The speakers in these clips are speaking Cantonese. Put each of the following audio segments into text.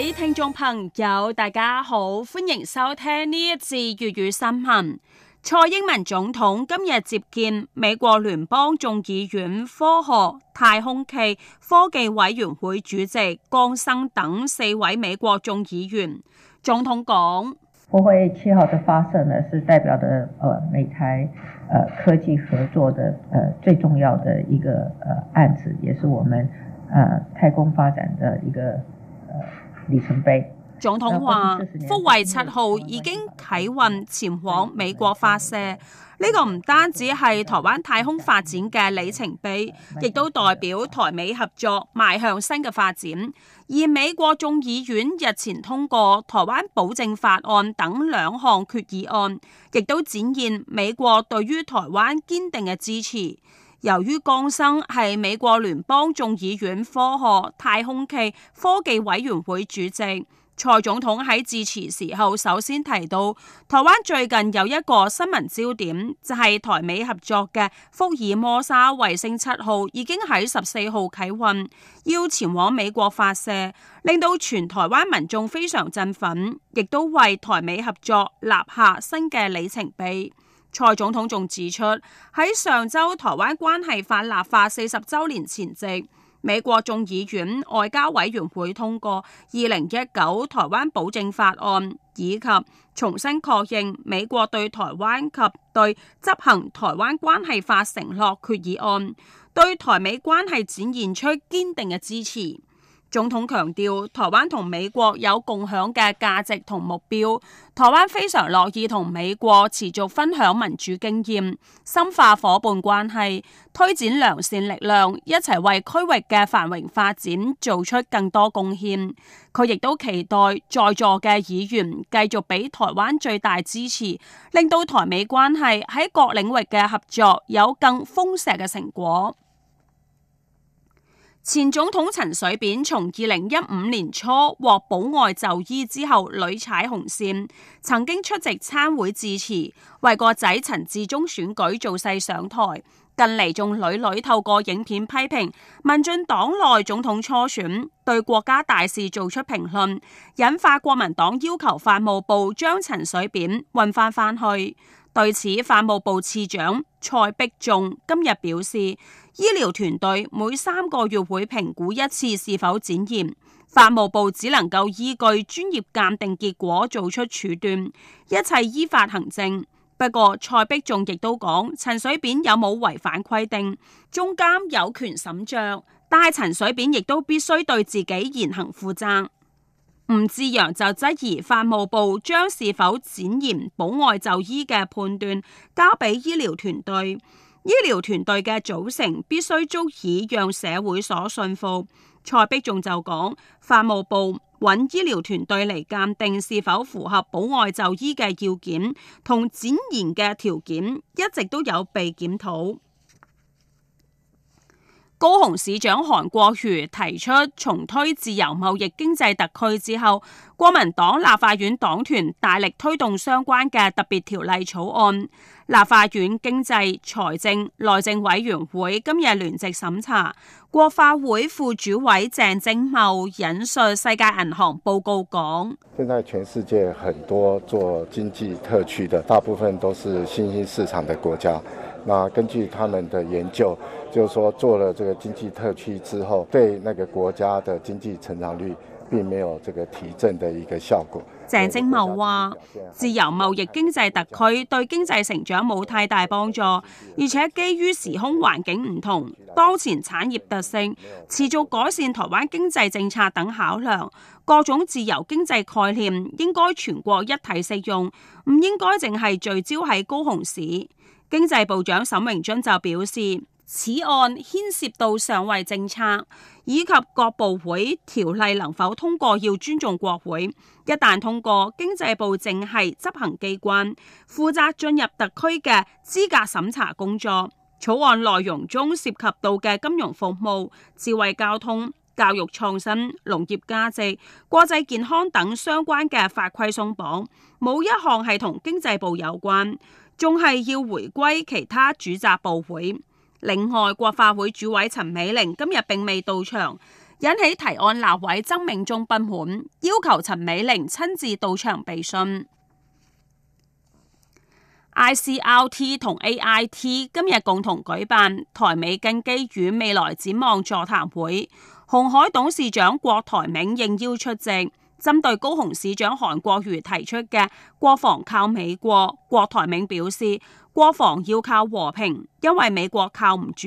各位聽眾朋友，大家好，歡迎收聽呢一節粵語新聞。蔡英文總統今日接見美國聯邦眾議院科學太空暨科技委員會主席江生等四位美國眾議員。總統講，福衛七號的發射呢，是代表的，呃，美台呃科技合作的，呃，最重要的一個呃案子，也是我們呃太空發展的一個里程碑。總統話：福衛七號已經啟運，前往美國發射。呢、這個唔單止係台灣太空發展嘅里程碑，亦都代表台美合作邁向新嘅發展。而美國眾議院日前通過台灣保證法案等兩項決議案，亦都展現美國對於台灣堅定嘅支持。由於江生係美國聯邦眾議院科學、太空暨科技委員會主席，蔡總統喺致辭時候首先提到，台灣最近有一個新聞焦點，就係台美合作嘅福爾摩沙衛星七號已經喺十四號啟運，要前往美國發射，令到全台灣民眾非常振奮，亦都為台美合作立下新嘅里程碑。蔡總統仲指出，喺上週台灣關係法立法四十週年前夕，美國眾議院外交委員會通過二零一九台灣保證法案，以及重新確認美國對台灣及對執行台灣關係法承諾決議案，對台美關係展現出堅定嘅支持。總統強調，台灣同美國有共享嘅價值同目標，台灣非常樂意同美國持續分享民主經驗，深化夥伴關係，推展良善力量，一齊為區域嘅繁榮發展做出更多貢獻。佢亦都期待在座嘅議員繼續畀台灣最大支持，令到台美關係喺各領域嘅合作有更豐碩嘅成果。前總統陳水扁從二零一五年初獲保外就醫之後，屢踩紅線，曾經出席參會致辭，為個仔陳致中選舉造勢上台。近嚟仲屢屢透過影片批評民進黨內總統初選，對國家大事做出評論，引發國民黨要求法務部將陳水扁運翻返去。對此，法務部次長蔡碧仲今日表示，醫療團隊每三個月會評估一次是否檢驗，法務部只能夠依據專業鑑定結果做出處斷，一切依法行政。不過，蔡碧仲亦都講，陳水扁有冇違反規定，中監有權審酌，但係陳水扁亦都必須對自己言行負責。吳志陽就質疑法務部將是否展延保外就醫嘅判斷交俾醫療團隊，醫療團隊嘅組成必須足以讓社會所信服。蔡碧仲就講，法務部揾醫療團隊嚟鑑定是否符合保外就醫嘅要件同展延嘅條件，一直都有被檢討。高雄市長韓國瑜提出重推自由貿易經濟特區之後，國民黨立法院黨團大力推動相關嘅特別條例草案。立法院經濟、財政、內政委員會今日聯席審查，國發會副主委鄭正茂引述世界銀行報告講：現在全世界很多做經濟特區的，大部分都是新興市場的國家。那根據他們的研究。就是說做了這個經濟特區之後，對那個國家的經濟成長率，並沒有這個提振的一個效果。鄭貞茂話：自由貿易經濟特區對經濟成長冇太大幫助，而且基於時空環境唔同、當前產業特性、持續改善台灣經濟政策等考量，各種自由經濟概念應該全國一體適用，唔應該淨係聚焦喺高雄市。經濟部長沈榮津就表示。此案牽涉到上位政策以及各部會條例能否通過，要尊重國會。一旦通過，經濟部正係執行機關，負責進入特區嘅資格審查工作。草案內容中涉及到嘅金融服務、智慧交通、教育創新、農業價值、國際健康等相關嘅法規鬆綁，冇一項係同經濟部有關，仲係要回歸其他主責部會。另外，國發會主委陳美伶今日並未到場，引起提案立委曾銘中不滿，要求陳美伶親自到場備詢。ICRT 同 AIT 今日共同舉辦台美根基與未來展望座談會，鴻海董事長郭台銘應邀出席，針對高雄市長韓國瑜提出嘅「國防靠美國」，郭台銘表示，國防要靠和平，因為美國靠唔住。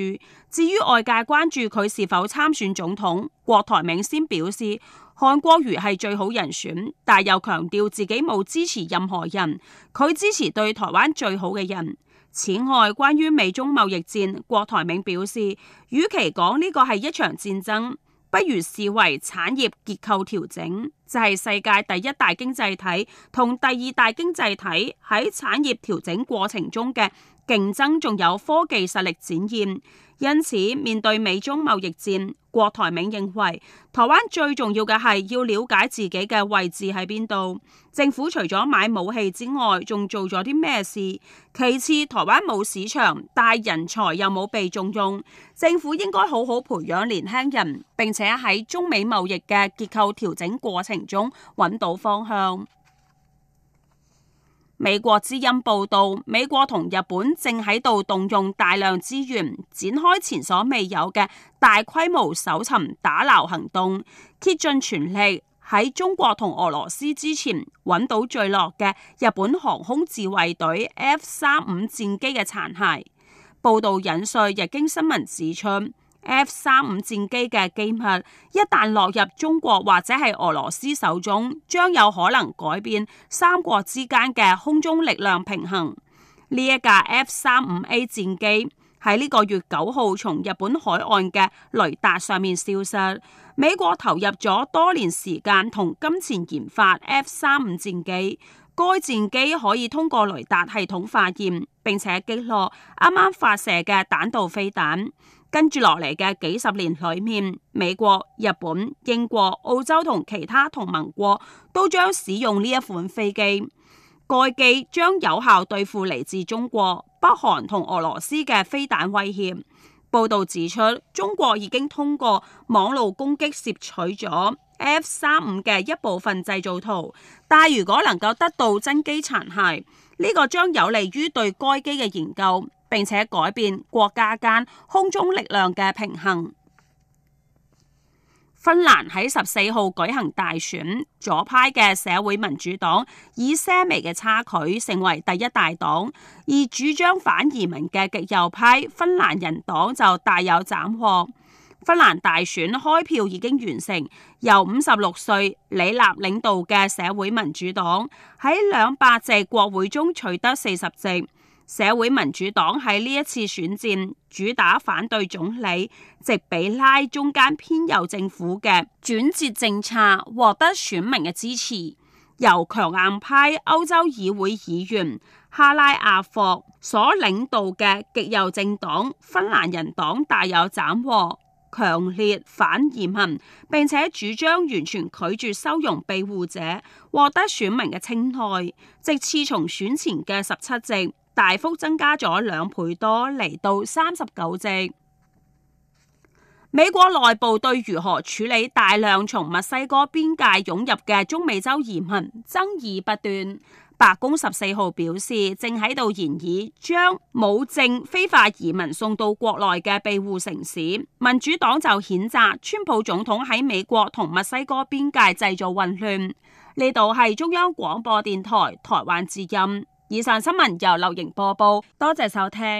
至於外界關注佢是否參選總統，郭台銘先表示，韓國瑜係最好人選，但又強調自己冇支持任何人，佢支持對台灣最好嘅人。此外，關於美中貿易戰，郭台銘表示，與其講呢個係一場戰爭。不如視為產業結構調整，就係世界第一大經濟體同第二大經濟體喺產業調整過程中嘅競爭，仲有科技實力展現。因此，面對美中貿易戰，郭台銘認為台灣最重要嘅係要了解自己嘅位置喺邊度，政府除咗買武器之外，仲做咗啲咩事？其次，台灣冇市場，但人才又冇被重用，政府應該好好培養年輕人，並且喺中美貿易嘅結構調整過程中揾到方向。美國之音報道，美國同日本正喺度動用大量資源，展開前所未有嘅大規模搜尋打撈行動，竭盡全力喺中國同俄羅斯之前揾到墜落嘅日本航空自衛隊 F 三五戰機嘅殘骸。報道引述日經新聞指出，F 三五戰機嘅機密一旦落入中國或者係俄羅斯手中，將有可能改變三國之間嘅空中力量平衡。呢一架 F 三五 A 戰機喺呢個月九號從日本海岸嘅雷達上面消失。美國投入咗多年時間同金錢研發 F 三五戰機，該戰機可以通過雷達系統發現並且擊落啱啱發射嘅彈道飛彈。跟住落嚟嘅幾十年裏面，美國、日本、英國、澳洲同其他同盟國都將使用呢一款飛機。該機將有效對付嚟自中國、北韓同俄羅斯嘅飛彈威脅。報道指出，中國已經通過網絡攻擊攝取咗 F 三五嘅一部分製造圖，但如果能夠得到真機殘骸，呢、這個將有利於對該機嘅研究。並且改變國家間空中力量嘅平衡。芬蘭喺十四號舉行大選，左派嘅社會民主黨以些微嘅差距成為第一大黨，而主張反移民嘅極右派芬蘭人黨就大有斬獲。芬蘭大選開票已經完成，由五十六歲李納領導嘅社會民主黨喺兩百席國會中取得四十席。社會民主黨喺呢一次選戰主打反對總理，直俾拉中間偏右政府嘅轉折政策獲得選民嘅支持。由強硬派歐洲議會議員哈拉亞霍所領導嘅極右政黨芬蘭人黨大有斬獲，強烈反移民，並且主張完全拒絕收容庇護者，獲得選民嘅青睞，直次從選前嘅十七席，大幅增加咗兩倍多，嚟到三十九席。美國內部對如何處理大量從墨西哥邊界湧入嘅中美洲移民爭議不斷。白宮十四號表示，正喺度研議將無證非法移民送到國內嘅庇護城市。民主黨就譴責川普總統喺美國同墨西哥邊界製造混亂。呢度係中央廣播電台台灣之音。以上新聞由劉瑩播報，多謝收聽。